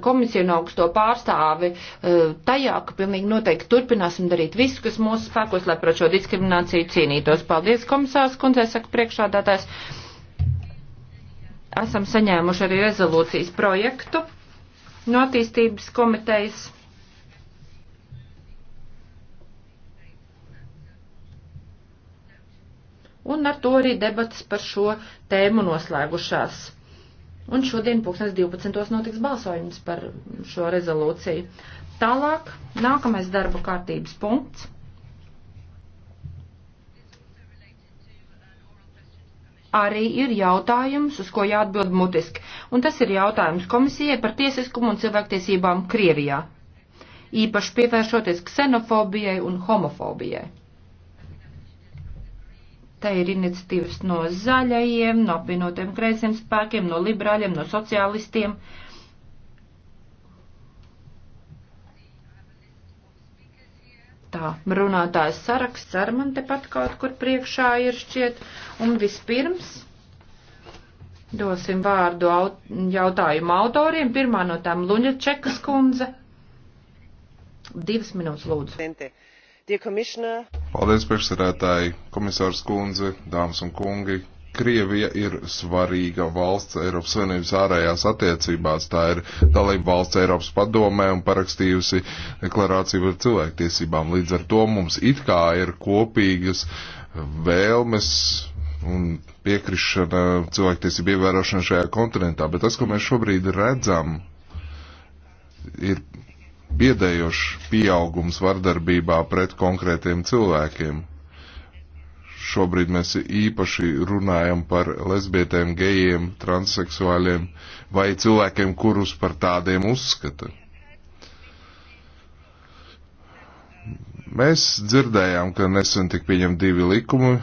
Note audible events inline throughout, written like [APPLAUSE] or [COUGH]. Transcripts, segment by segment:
komisiju un augsto pārstāvi e, tajā, ka pilnīgi noteikti turpināsim darīt visu, kas mūsu spēkos, lai pret šo diskrimināciju cīnītos. Paldies, komisārs kundze, saka priekšādātājs. Esam saņēmuši arī rezolūcijas projektu no attīstības komitejas. Un ar to arī debatas par šo tēmu noslēgušās. Un šodien pūkstens 12. notiks balsojums par šo rezolūciju. Tālāk, nākamais darba kārtības punkts. Arī ir jautājums, uz ko jāatbild mutiski, un tas ir jautājums komisijai par tiesiskumu un cilvēktiesībām Krievijā, īpaši pievēršoties ksenofobijai un homofobijai. Te ir iniciatīvas no zaļajiem, no apvienotiem kreisiem spēkiem, no liberāļiem, no sociālistiem. Tā, runātājs saraksts ar man tepat kaut kur priekšā ir šķiet. Un vispirms dosim vārdu aut jautājumu autoriem. Pirmā no tām Luņa Čekas kundze. Divas minūtes lūdzu. Dear Commissioner, Paldies, priekšsēdētāji, komisārs kundze, dāmas un kungi. Krievija ir svarīga valsts Eiropas Savienības ārējās attiecībās. Tā ir dalība valsts Eiropas padomē un parakstījusi deklarāciju par cilvēktiesībām. Līdz ar to mums it kā ir kopīgas vēlmes un piekrišana cilvēktiesību ievērošana šajā kontinentā. Bet tas, ko mēs šobrīd redzam, ir biedējošs pieaugums vardarbībā pret konkrētiem cilvēkiem. Šobrīd mēs īpaši runājam par lesbietēm, gejiem, transseksuāļiem vai cilvēkiem, kurus par tādiem uzskata. Mēs dzirdējām, ka nesen tik pieņem divi likumi,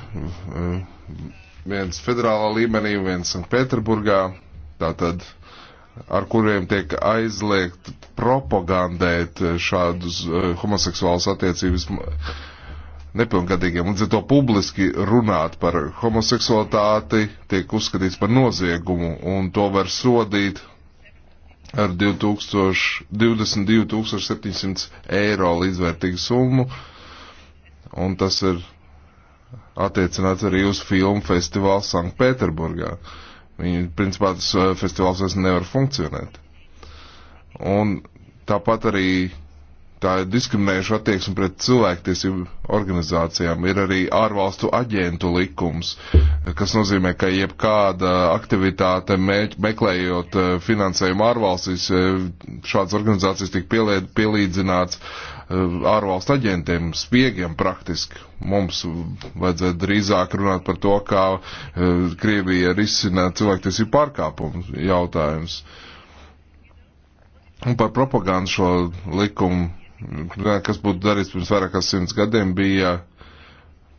viens federālā līmenī, viens Sanktpēterburgā. Tātad ar kuriem tiek aizliegt propagandēt šādus eh, homoseksuālus attiecības nepilngadīgiem. Līdz ar to publiski runāt par homoseksualitāti tiek uzskatīts par noziegumu un to var sodīt ar 2000, 22 700 eiro līdzvērtīgu summu. Un tas ir attiecināts arī uz filmu festivālu Sanktpēterburgā. Uh, Viņi, principā, tas eh, festivāls vairs nevar funkcionēt. Un tāpat arī tā ir diskriminējuša attieksme pret cilvēktiesību organizācijām. Ir arī ārvalstu aģentu likums, kas nozīmē, ka jebkāda aktivitāte mēģ, meklējot eh, finansējumu ārvalstīs, eh, šādas organizācijas tiek pielīdzināts Eh, ārvalstu aģentiem, spiegiem praktiski. Mums vajadzētu drīzāk runāt par to, kā eh, Krievija risina cilvēktiesību pārkāpumu jautājums. Un par propagandu šo likumu, kas būtu darīts pirms vairāk kā simts gadiem, bija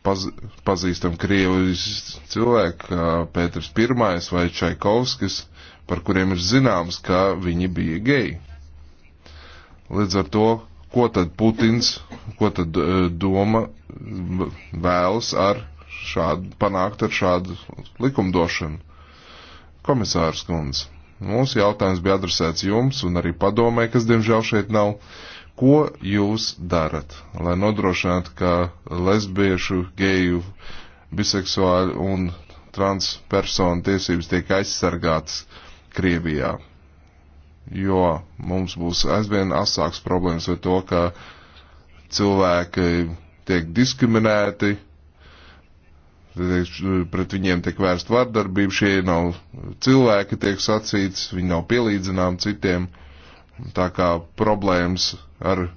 paz, pazīstam Krievijas cilvēku, kā Pēters I vai Čaikovskis, par kuriem ir zināms, ka viņi bija geji. Līdz ar to ko tad Putins, ko tad eh, doma vēlas ar šādu, panākt ar šādu likumdošanu. Komisārs Kunds, mūsu jautājums bija adresēts jums un arī padomē, kas diemžēl šeit nav. Ko jūs darat, lai nodrošinātu, ka lesbiešu, geju, biseksuāļu un transpersonu tiesības tiek aizsargātas Krievijā? jo mums būs aizvien asāks problēmas ar to, ka cilvēki tiek diskriminēti, pret viņiem tiek vērst vardarbība, šie nav cilvēki, tiek sacīts, viņi nav pielīdzinām citiem. Tā kā problēmas ar eh,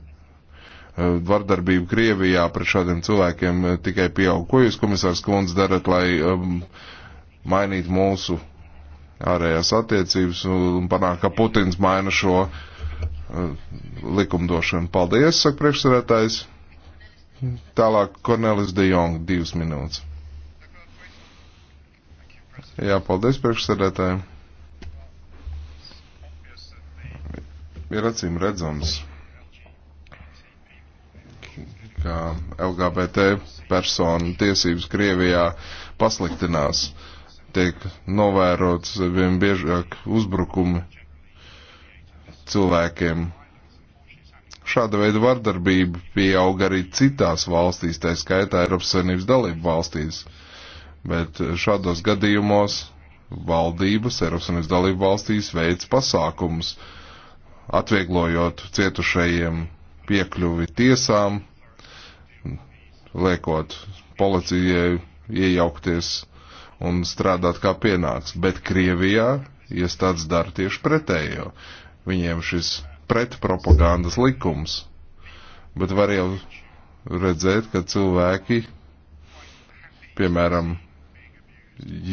vardarbību Krievijā pret šādiem cilvēkiem eh, tikai pieaug. Ko jūs, komisārs Klons, darat, lai um, mainītu mūsu ārējās attiecības un panāk, ka Putins maina šo uh, likumdošanu. Paldies, saka priekšsarētājs. Tālāk Kornelis de Jong, divas minūtes. Jā, paldies priekšsarētājiem. Ir acīm redzams, ka LGBT personu tiesības Krievijā pasliktinās. Uh, tiek novērots vien biežāk uzbrukumi cilvēkiem. Šāda veida vardarbība pieaug arī citās valstīs, tā skaitā Eiropas Savienības dalību valstīs. Bet šādos gadījumos valdības Eiropas Savienības dalību valstīs veids pasākumus, atvieglojot cietušajiem piekļuvi tiesām, liekot policijai iejaukties un strādāt kā pienāks. Bet Krievijā iestādes dara tieši pretējo. Viņiem šis pretpropagandas likums. Bet var jau redzēt, ka cilvēki, piemēram,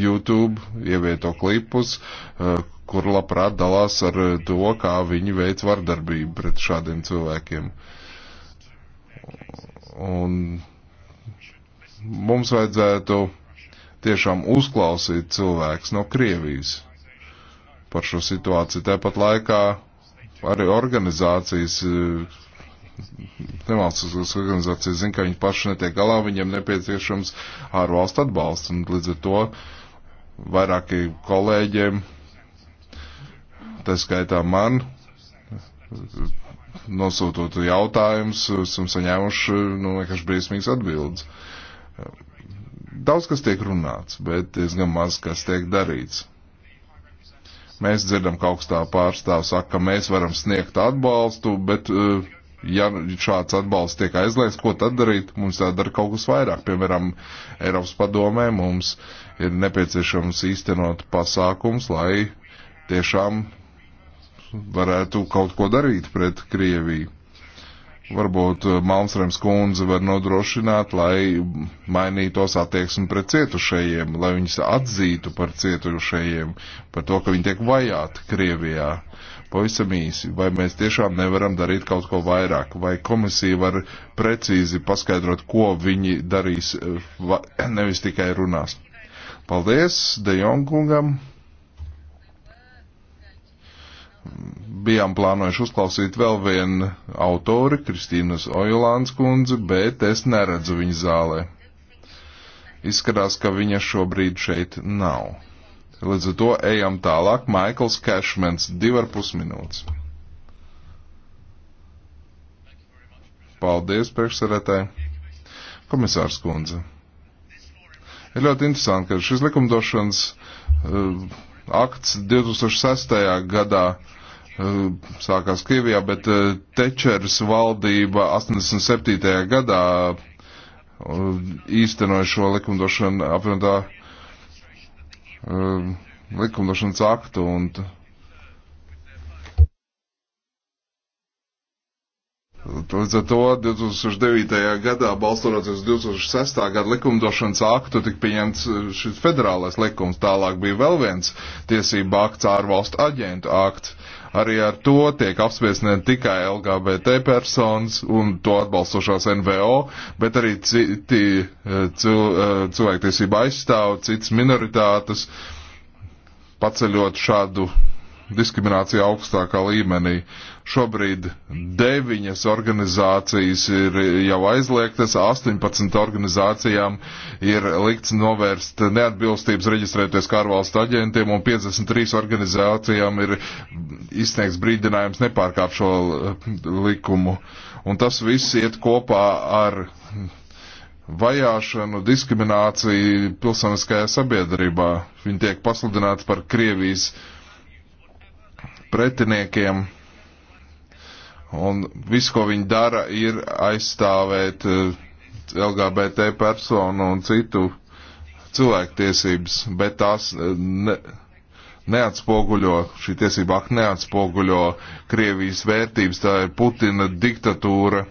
YouTube ievieto klipus, eh, kur labprāt dalās ar eh, to, kā viņi veic vardarbību pret šādiem cilvēkiem. Un mums vajadzētu tiešām uzklausīt cilvēks no Krievijas par šo situāciju. Tāpat laikā arī organizācijas, eh, nevalstiskas organizācijas zina, ka viņi paši netiek galā, viņiem nepieciešams ārvalstu atbalsts. Un līdz ar to vairākiem kolēģiem, tā skaitā man, nosūtot jautājumus, esam saņēmuši nu, vienkārši briesmīgas atbildes. Daudz kas tiek runāts, bet diezgan maz kas tiek darīts. Mēs dzirdam, ka augstā pārstāv saka, ka mēs varam sniegt atbalstu, bet eh, ja šāds atbalsts tiek aizliegts, ko tad darīt? Mums jādara kaut kas vairāk. Piemēram, Eiropas padomē mums ir nepieciešams īstenot pasākums, lai tiešām varētu kaut ko darīt pret Krieviju varbūt eh, Malmstrēms kundze var nodrošināt, lai mainītos attieksmi pret cietušajiem, lai viņus atzītu par cietušajiem, par to, ka viņi tiek vajāti Krievijā. Pavisam īsi, vai mēs tiešām nevaram darīt kaut ko vairāk, vai komisija var precīzi paskaidrot, ko viņi darīs, eh, [CLEARS THROAT] nevis tikai runās. Paldies De Jongungam! bijām plānojuši uzklausīt vēl vienu autori, Kristīnas Ojolāns kundzi, bet es neredzu viņu zālē. Izskatās, ka viņa šobrīd šeit nav. Līdz ar to ejam tālāk. Maikls Kešmens, divi ar pus minūtes. Paldies, priekšsarētāji. Komisārs kundze. Ir ļoti interesanti, ka šis likumdošanas uh, akts 2006. gadā uh, Eh, sākās Krievijā, bet eh, Tečers valdība 87. gadā eh, īstenoja šo likumdošanu apvienotā likumdošanas aktu un Līdz ar to 2009. gadā, balstoties uz 2006. gada likumdošanas aktu, tika pieņemts šis federālais likums. Tālāk bija vēl viens tiesība akts ārvalstu aģentu akts. Arī ar to tiek apspiesti ne tikai LGBT personas un to atbalstošās NVO, bet arī citi eh, cil, eh, cilvēktiesība aizstāv, citas minoritātes, paceļot šādu diskriminācija augstākā līmenī. Šobrīd deviņas organizācijas ir jau aizliegtas, 18 organizācijām ir likts novērst neatbilstības reģistrēties kā ārvalstu aģentiem, un 53 organizācijām ir izsniegts brīdinājums nepārkāp šo eh, likumu. Un tas viss iet kopā ar vajāšanu, diskrimināciju pilsoniskajā sabiedrībā. Viņi tiek pasludināti par Krievijas uh, pretiniekiem. Un viss, ko viņi dara, ir aizstāvēt eh, LGBT personu un citu cilvēktiesības, bet tās eh, ne, neatspoguļo, šī tiesība akti neatspoguļo Krievijas vērtības, tā ir Putina diktatūra,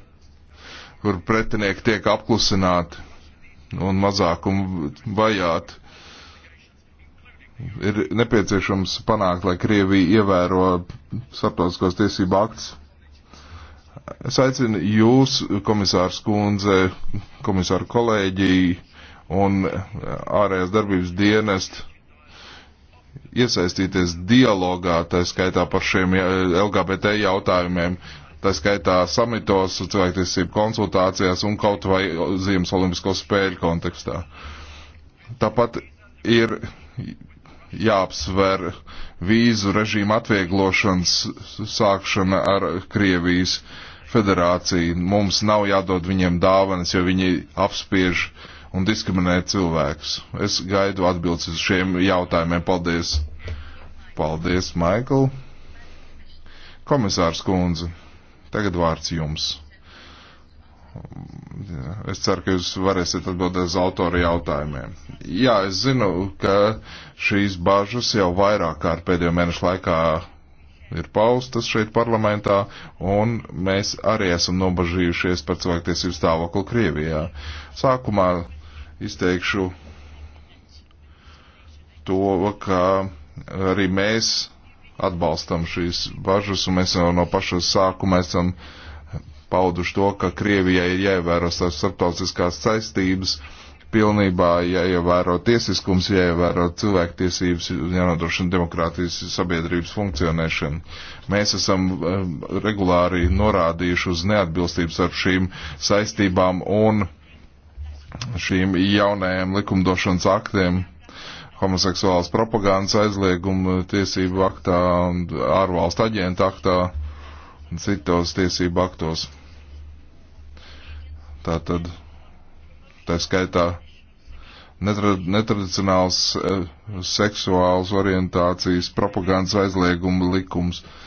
kur pretinieki tiek apklusināti un mazākumu vajāti ir nepieciešams panākt, lai Krievija ievēro starptautiskos tiesību akts. Es aicinu jūs, komisārs kundze, komisāru kolēģi un ārējās darbības dienest iesaistīties dialogā, tā skaitā par šiem LGBT jautājumiem, tā skaitā samitos, cilvēktiesību konsultācijās un kaut vai Ziemas Olimpisko spēļu kontekstā. Tāpat ir jāapsver vīzu režīmu atvieglošanas sākšana ar Krievijas federāciju. Mums nav jādod viņiem dāvanas, jo viņi apspiež un diskriminē cilvēkus. Es gaidu atbildes uz šiem jautājumiem. Paldies! Paldies, Maikl! Komisārs Kunze, tagad vārds jums. Es ceru, ka jūs varēsiet atbildēt uz autora jautājumiem. Jā, es zinu, ka šīs bažas jau vairāk kārt pēdējo mēnešu laikā ir paustas šeit parlamentā, un mēs arī esam nobažījušies par cilvēktiesību stāvokli Krievijā. Sākumā izteikšu to, ka arī mēs atbalstam šīs bažas, un mēs jau no paša sākuma esam uh, pauduši to, ka Krievijai ir jāievēro savas starptautiskās saistības, pilnībā jāievēro tiesiskums, jāievēro cilvēktiesības, jānodrošina demokrātijas sabiedrības funkcionēšana. Mēs esam um, regulāri norādījuši uz neatbilstības ar šīm saistībām un šīm jaunajiem likumdošanas aktiem homoseksuālas propagandas aizliegumu tiesību aktā un ārvalstu aģentu aktā citos tiesību aktos. Tātad, tā skaitā, netradicionāls eh, seksuāls orientācijas propagandas aizlieguma likums. Uh,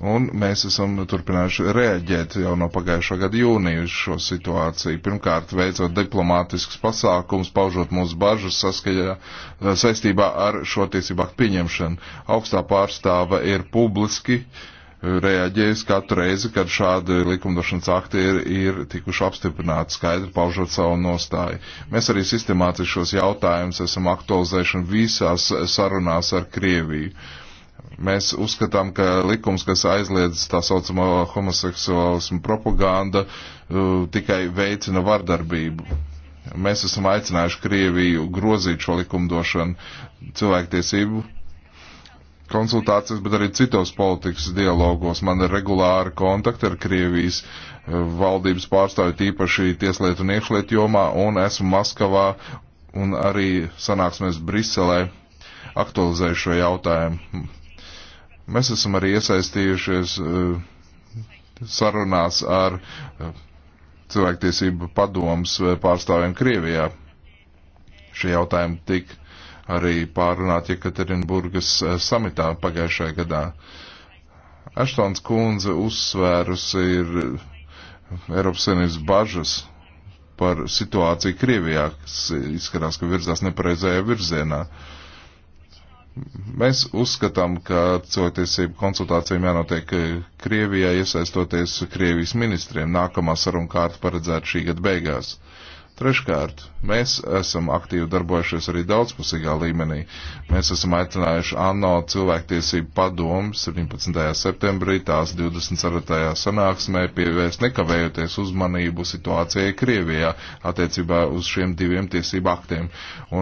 Un mēs esam turpinājuši rēģēt jau no pagājušā gada jūnija uz šo situāciju. Pirmkārt, veicot diplomātiskus pasākumus, paužot mūsu bažas saskaļā eh, saistībā ar šo tiesību aktu pieņemšanu. Augstā pārstāva ir publiski eh, reaģējusi katru reizi, kad šādi likumdošanas akti ir, ir tikuši apstiprināti, skaidri paužot savu nostāju. Mēs arī sistemātiski šos jautājumus esam aktualizējuši visās sarunās ar Krieviju. Uh, Mēs uzskatām, ka likums, kas aizliedz tā saucamo homoseksuālismu propaganda, uh, tikai veicina vardarbību. Mēs esam aicinājuši Krieviju grozīt šo likumdošanu cilvēktiesību konsultācijas, bet arī citos politikas dialogos. Man ir regulāri kontakti ar Krievijas uh, valdības pārstāvju, tīpaši tieslietu un iekšlietu jomā, un esmu Maskavā un arī sanāksmēs Briselē aktualizēju šo jautājumu. Mēs esam arī iesaistījušies eh, sarunās ar eh, cilvēktiesību padomus eh, pārstāvjiem Krievijā. Šie jautājumi tika arī pārunāti Jekaterinburgas samitā pagājušajā gadā. Aštons kundze uzsvērusi ir Eiropas Savienības bažas par situāciju Krievijā, kas izskatās, ka virzās nepareizajā virzienā. Uh, Mēs uzskatām, ka cilvēktiesību konsultācijām jānotiek eh, Krievijā, iesaistoties Krievijas ministriem. Nākamā saruna kārta paredzēta šī gada beigās. Treškārt, mēs esam aktīvi darbojušies arī daudzpusīgā līmenī. Mēs esam aicinājuši ANO cilvēktiesību padomu 17. septembrī tās 24. sanāksmē pievērst nekavējoties uzmanību situācijai Krievijā attiecībā uz šiem diviem tiesību aktiem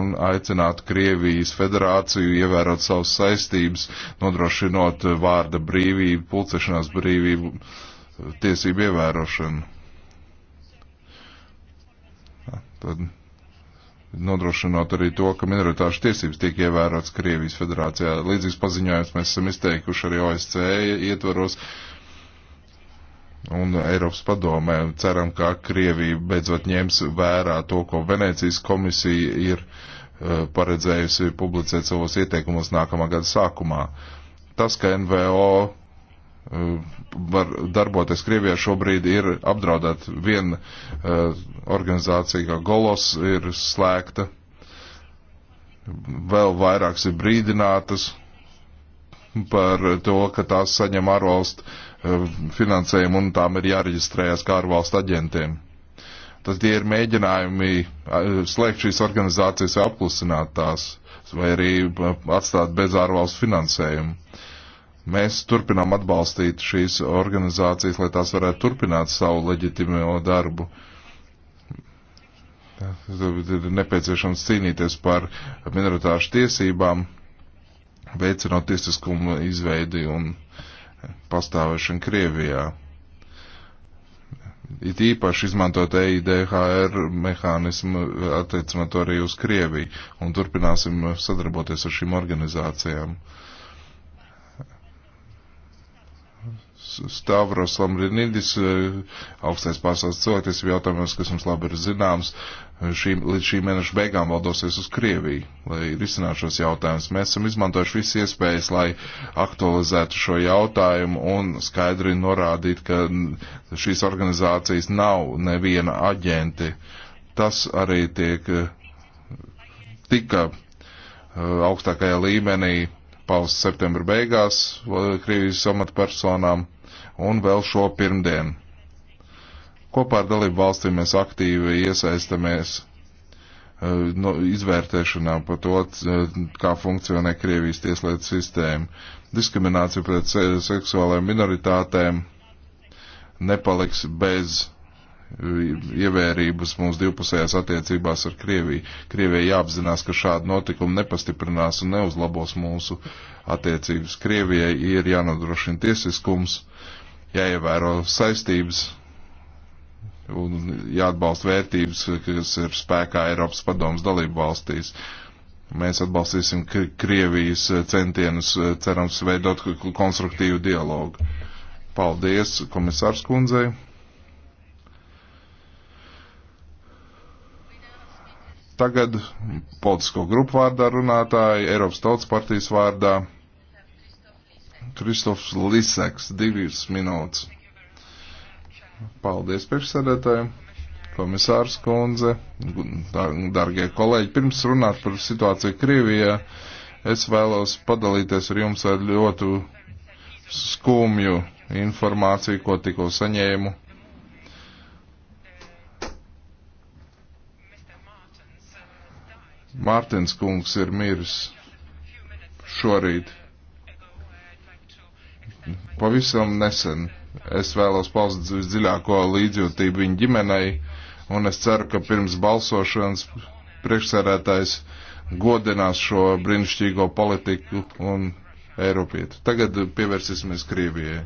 un aicināt Krievijas federāciju ievērot savas saistības, nodrošinot vārda brīvību, pulcešanās brīvību, tiesību ievērošanu Tad nodrošinot arī to, ka minoritāšu tiesības tiek ievērotas Krievijas federācijā. Līdzīgs paziņojums mēs esam izteikuši arī OSC ietvaros un Eiropas padomē. Ceram, ka Krievija beidzot ņems vērā to, ko Venēcijas komisija ir uh, paredzējusi publicēt savos ieteikumos nākamā gada sākumā. Tas, ka NVO var darboties Krievijā šobrīd ir apdraudēt viena uh, organizācija, kā Golos, ir slēgta. Vēl vairākas ir brīdinātas par to, ka tās saņem ārvalstu uh, finansējumu un tām ir jāreģistrējas kā ārvalstu aģentiem. Tad tie ir mēģinājumi uh, slēgt šīs organizācijas, apklusināt tās vai arī atstāt bez ārvalstu finansējumu Mēs turpinām atbalstīt šīs organizācijas, lai tās varētu turpināt savu leģitimēo darbu. Ir nepieciešams cīnīties par minoritāšu tiesībām, veicinot tiesiskumu izveidi un pastāvēšanu Krievijā. It īpaši izmantot EIDHR mehānismu attiecinot arī uz Krieviju un turpināsim sadarboties ar šīm organizācijām. Uh, Stavros Lambrinidis, e, augstais pārstāsts cilvēkties jautājumos, kas jums labi ir zināms, e, šī, līdz šī mēneša beigām vēl dosies uz Krieviju, lai risinātu šos jautājumus. Mēs esam izmantojuši visas iespējas, lai aktualizētu šo jautājumu un skaidri norādītu, ka šīs organizācijas nav neviena aģenti. Tas arī tiek e, tika augstākajā līmenī paust septembra beigās Krievijas amatpersonām un vēl šo pirmdienu. Kopā ar dalību valstīm mēs aktīvi iesaistamies eh, no, izvērtēšanā par to, eh, kā funkcionē Krievijas tieslietu sistēma. Diskriminācija pret seksuālajām minoritātēm nepaliks bez eh, ievērības mūsu divpusējās attiecībās ar Krieviju. Krievijai jāapzinās, ka šādi notikumi nepastiprinās un neuzlabos mūsu attiecības. Krievijai ir jānodrošina tiesiskums jāievēro saistības un jāatbalsta vērtības, kas ir spēkā Eiropas padomas dalību valstīs. Mēs atbalstīsim Krievijas centienus, cerams, veidot konstruktīvu dialogu. Paldies komisārs kundzei. Tagad politisko grupu vārdā runātāji, Eiropas tautas partijas vārdā. Kristofs Liseks, divas minūtes. Paldies priekšsēdētājiem, komisārs Kunze, dargie kolēģi. Pirms runāt par situāciju Krievijā, es vēlos padalīties ar jums ar ļoti skumju informāciju, ko tikko saņēmu. Mārtins kungs ir miris šorīt pavisam nesen. Es vēlos paust visdziļāko līdzjūtību viņa ģimenei, un es ceru, ka pirms balsošanas priekšsēdētājs godinās šo brīnišķīgo politiku un Eiropietu. Tagad pievērsīsimies Krievijai.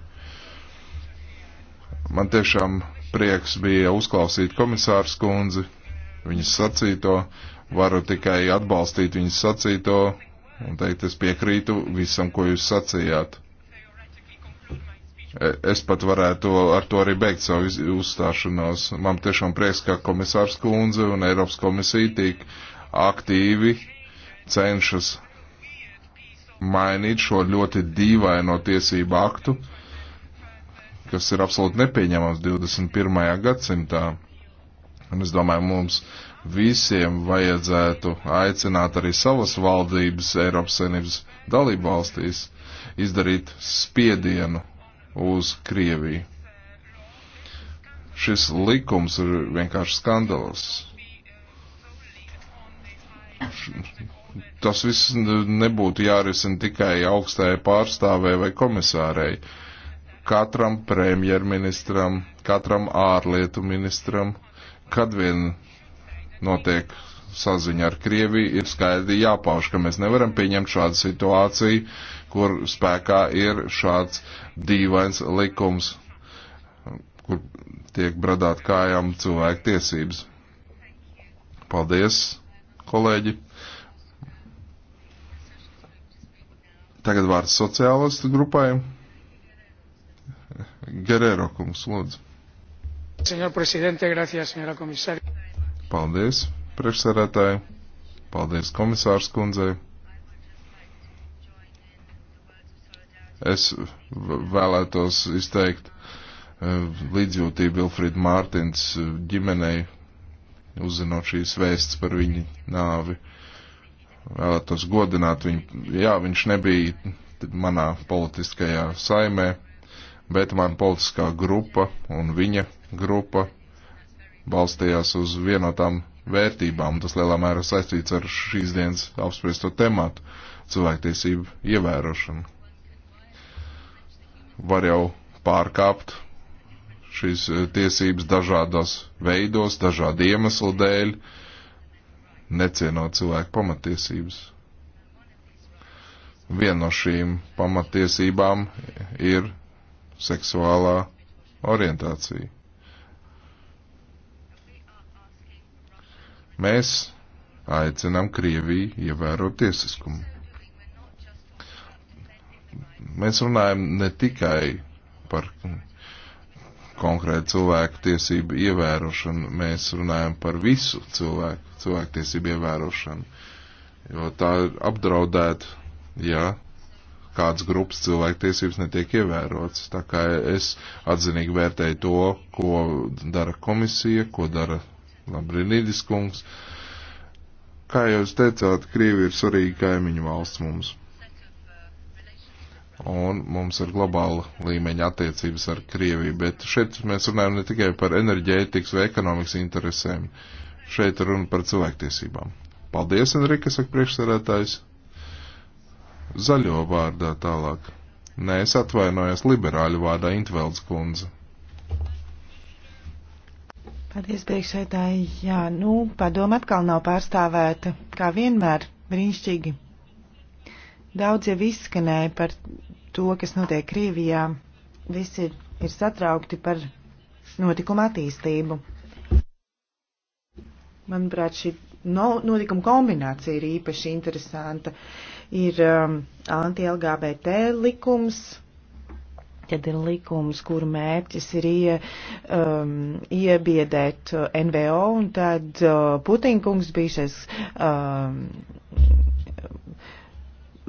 Man tiešām prieks bija uzklausīt komisārs kundzi, viņas sacīto, varu tikai atbalstīt viņas sacīto un teikt, es piekrītu visam, ko jūs sacījāt. Es pat varētu ar to arī beigt savu uzstāšanos. Man tiešām prieks, ka komisārs Kunze un Eiropas komisija tik aktīvi cenšas mainīt šo ļoti dīvaino tiesību aktu, kas ir absolūti nepieņemams 21. gadsimtā. Un es domāju, mums visiem vajadzētu aicināt arī savas valdības Eiropas Savienības dalību valstīs izdarīt spiedienu uz Krieviju. Šis likums ir vienkārši skandalos. Tas viss nebūtu jārisina tikai augstajai pārstāvē vai komisārei. Katram premjerministram, katram ārlietu ministram, kad vien notiek saziņa ar Krieviju, ir skaidri jāpauž, ka mēs nevaram pieņemt šādu situāciju, kur spēkā ir šāds dīvains likums, kur tiek bradāt kājām cilvēku tiesības. Paldies, kolēģi! Tagad vārds sociālistu grupai. Gerero kungs, lūdzu. Senor prezidente, gracias, senora komisāri. Paldies, priekšsarētāji. Paldies, komisārs kundzei. Es vēlētos izteikt e, līdzjūtību Vilfrīda Mārtins ģimenei, uzzinot šīs vēsts par viņa nāvi. Vēlētos godināt viņu. Jā, viņš nebija manā politiskajā saimē, bet man politiskā grupa un viņa grupa balstījās uz vienotām vērtībām, un tas lielā mērā saistīts ar šīs dienas apspriesto tematu - cilvēktiesību ievērošanu var jau pārkāpt šīs eh, tiesības dažādos veidos, dažādu iemeslu dēļ, necienot cilvēku pamatiesības. Viena no šīm pamatiesībām ir seksuālā orientācija. Mēs aicinām Krieviju ievērot tiesiskumu. Mēs runājam ne tikai par konkrētu cilvēku tiesību ievērošanu, mēs runājam par visu cilvēku, cilvēku tiesību ievērošanu, jo tā ir apdraudēta, ja kāds grupas cilvēktiesības netiek ievērots. Tā kā es atzinīgi vērtēju to, ko dara komisija, ko dara Labrinīdis kungs. Kā jūs teicāt, Krievi ir svarīgi kaimiņu valsts mums un mums ir globāla līmeņa attiecības ar Krieviju. Bet šeit mēs runājam ne tikai par enerģētikas vai ekonomikas interesēm, šeit runa par cilvēktiesībām. Paldies, Enrika, saka priekšsarētājs. Zaļo vārdā tālāk. Nē, es atvainojos liberāļu vārdā Intvelds kundze. Paldies, priekšsētāji. Jā, nu, padoma atkal nav pārstāvēta, kā vienmēr, brīnišķīgi. Daudz jau izskanēja par to, kas notiek Krievijā. Visi ir, ir satraukti par notikuma attīstību. Manuprāt, šī no, notikuma kombinācija ir īpaši interesanta. Ir um, anti-LGBT likums, tad ir likums, kuru mērķis ir ie, um, iebiedēt uh, NVO, un tad uh, Putinkungs bijušais um,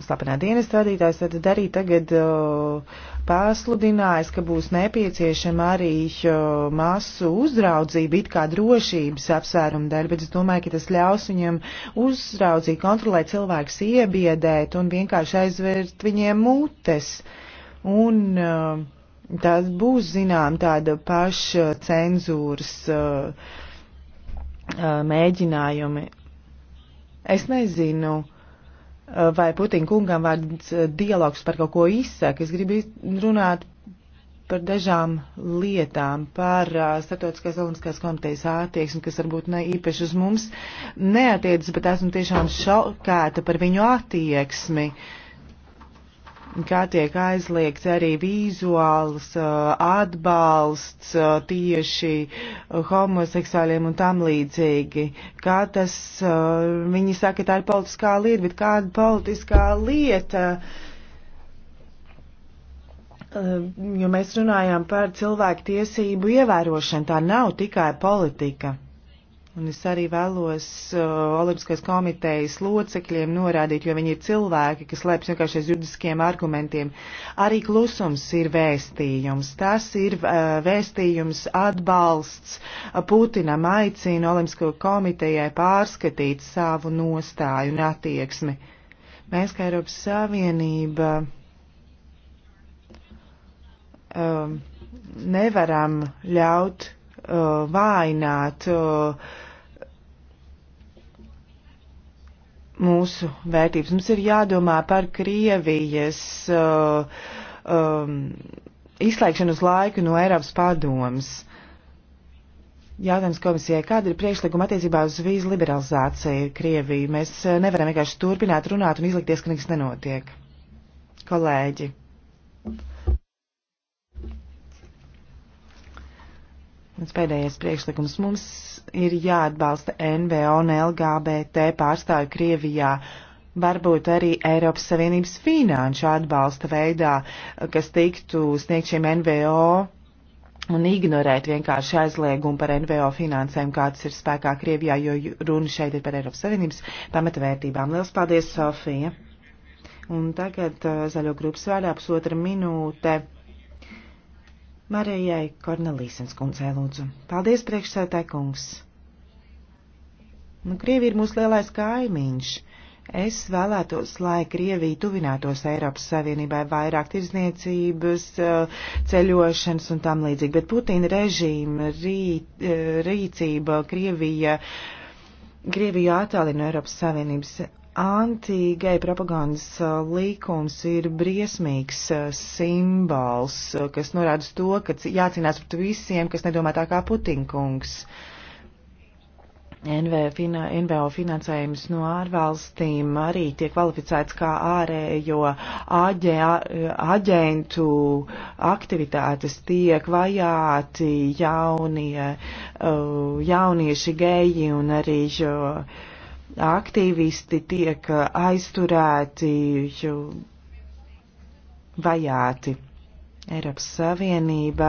slapenā dienas vadītājs tad arī tagad uh, pārsludinājis, ka būs nepieciešama arī uh, masu uzraudzība it kā drošības apsvērumu dēļ, bet es domāju, ka tas ļaus viņam uzraudzīt, kontrolēt cilvēkus, iebiedēt un vienkārši aizvērt viņiem mutes. Un uh, tas būs, zinām, tāda paša cenzūras mēģinājumi. Es nezinu vai Putina kungam vārds eh, dialogs par kaut ko izsaka. Es gribu runāt par dažām lietām, par uh, eh, Statotiskās Olimpiskās komitejas attieksmi, kas varbūt ne īpaši uz mums neatiecas, bet esmu tiešām šokēta par viņu attieksmi. Uh, kā tiek aizliegts arī vizuāls atbalsts tieši homoseksuāliem un tam līdzīgi. Kā tas, viņi saka, tā ir politiskā lieta, bet kāda politiskā lieta? Jo mēs runājām par cilvēku tiesību ievērošanu, tā nav tikai politika. Un es arī vēlos uh, Olimpiskās komitejas locekļiem norādīt, jo viņi ir cilvēki, kas slēpjas vienkārši aiz juridiskiem argumentiem. Arī klusums ir vēstījums. Tas ir uh, vēstījums atbalsts Putinam aicina Olimpisko komitejai pārskatīt savu nostāju un attieksmi. Mēs kā Eiropas Savienība. Um, nevaram ļaut uh, vājināt uh, mūsu vērtības. Mums ir jādomā par Krievijas uh, um, izslēgšanu uz laiku no Eiropas padomas. Jautājums komisijai, kāda ir priekšlikuma attiecībā uz vīzu liberalizāciju Krieviju? Mēs uh, nevaram vienkārši turpināt runāt un izlikties, ka nekas nenotiek. Kolēģi. Thank you. Mans pēdējais priekšlikums mums ir jāatbalsta NVO un LGBT pārstāvju Krievijā. Varbūt arī Eiropas Savienības finanšu atbalsta veidā, kas tiktu sniegt šiem NVO un ignorēt vienkārši aizliegumu par NVO finansēm, kāds ir spēkā Krievijā, jo runa šeit ir par Eiropas Savienības pamatvērtībām. Liels paldies, Sofija! Un tagad uh, zaļo grupas vārdā pusotra minūte. Marijai Kornelīsens kundzei lūdzu. Paldies, priekšsētāji kungs! Nu, Krievi ir mūsu lielais kaimiņš. Es vēlētos, lai Krievija tuvinātos Eiropas Savienībai vairāk tirzniecības, ceļošanas un tam līdzīgi, bet Putina režīma, rī, rīcība, Krievija, Krievija attālina no Eiropas Savienības Anti-gay propagandas uh, līkums ir briesmīgs uh, simbols, uh, kas norāda to, ka jācīnās pret visiem, kas nedomā tā kā Putinkungs. NVO finansējums no ārvalstīm arī tiek kvalificēts kā ārējo aģe, aģentu aktivitātes, tiek vajāti jaunie, jaunieši geji un arī. Jo, aktīvisti tiek uh, aizturēti, vajāti. Eiropas Savienība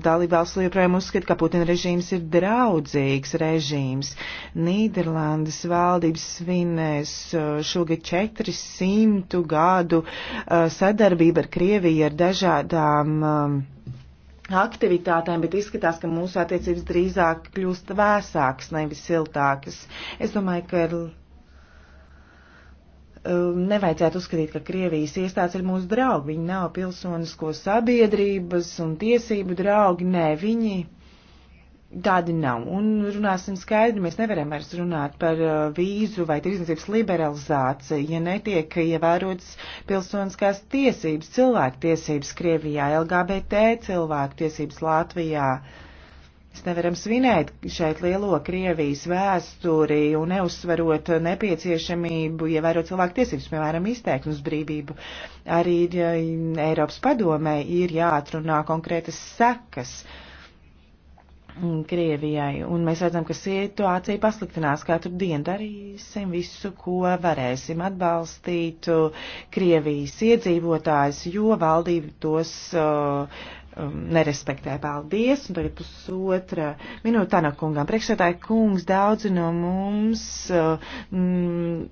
dalībvalsts joprojām uzskata, ka Putina režīms ir draudzīgs režīms. Nīderlandes valdības svinēs uh, šogad 400 gadu uh, sadarbību ar Krieviju ar dažādām um, aktivitātēm, bet izskatās, ka mūsu attiecības drīzāk kļūst vēsākas, nevis siltākas. Es domāju, ka ir. Um, nevajadzētu uzskatīt, ka Krievijas iestādes ir mūsu draugi. Viņi nav pilsonisko sabiedrības un tiesību draugi. Nē, viņi tādi nav. Un runāsim skaidri, mēs nevaram vairs runāt par uh, vīzu vai tirdzniecības liberalizāciju, ja netiek ievērotas pilsoniskās tiesības, cilvēktiesības Krievijā, LGBT cilvēktiesības Latvijā. Mēs nevaram svinēt šeit lielo Krievijas vēsturi un neuzsverot nepieciešamību ievērot ja cilvēku tiesības, piemēram, izteiksmes brīvību. Arī Eiropas padomē ir jāatrunā konkrētas sekas. Uh, Mm, Krievijai, un mēs redzam, ka situācija pasliktinās katru dienu. Darīsim visu, ko varēsim atbalstīt Krievijas iedzīvotājs, jo valdība tos uh, um, nerespektē. Paldies, un tagad pusotra minūte Tanakungam. Priekšsētāji kungs, daudzi no mums. Uh, mm,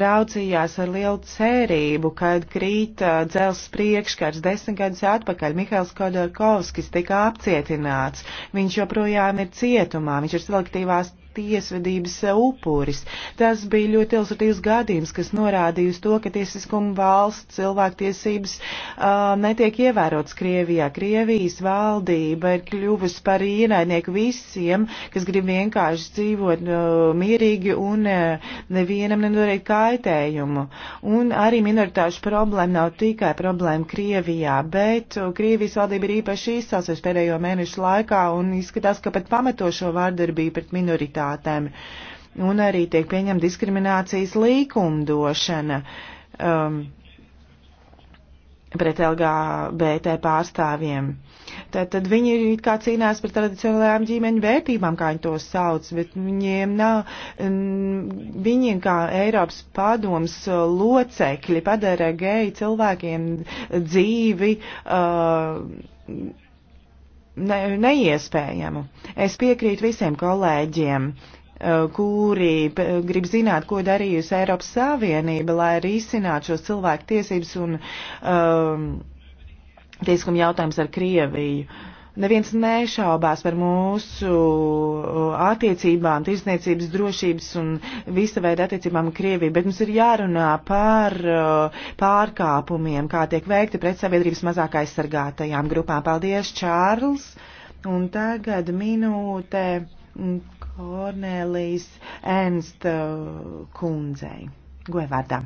raudzījās ar lielu cerību, kad krīt dzels priekškars desmit gadus atpakaļ. Mihails Kodorkovskis tika apcietināts. Viņš joprojām ir cietumā, viņš ir selektīvās tiesvedības eh, upuris. Tas bija ļoti ilustratīvs gadījums, kas norādīja uz to, ka tiesiskuma valsts cilvēktiesības uh, netiek ievērotas Krievijā. Krievijas valdība ir kļuvusi par ienaidnieku visiem, kas grib vienkārši dzīvot uh, mierīgi un uh, nevienam nedarīt kaitējumu. Un arī minoritāšu problēma nav tikai problēma Krievijā, bet Krievijas valdība ir īpaši izsācies pēdējo mēnešu laikā un izskatās, ka pat pameto šo vārdarbību pret minoritāšu minoritātēm. Un arī tiek pieņemta diskriminācijas līkumdošana um, pret LGBT pārstāvjiem. Tad, tad viņi ir kā cīnās par tradicionālajām ģimeņu vērtībām, kā viņi to sauc, bet viņiem nav, viņiem kā Eiropas padoms locekļi padara geju cilvēkiem dzīvi. Uh, ne, neiespējamu. Es piekrītu visiem kolēģiem, eh, kuri grib zināt, ko darījusi Eiropas Savienība, lai arī izcinātu šos cilvēku tiesības un um, ehm, tieskumu jautājums ar Krieviju. Uh, Neviens nešaubās par mūsu attiecībām, tirsniecības drošības un visa veida attiecībām ar Krieviju, bet mums ir jārunā par pārkāpumiem, kā tiek veikti pret sabiedrības mazāk aizsargātajām grupām. Paldies, Čārls! Un tagad minūte mm, Kornelijas Ernst kundzei. Goevārdā.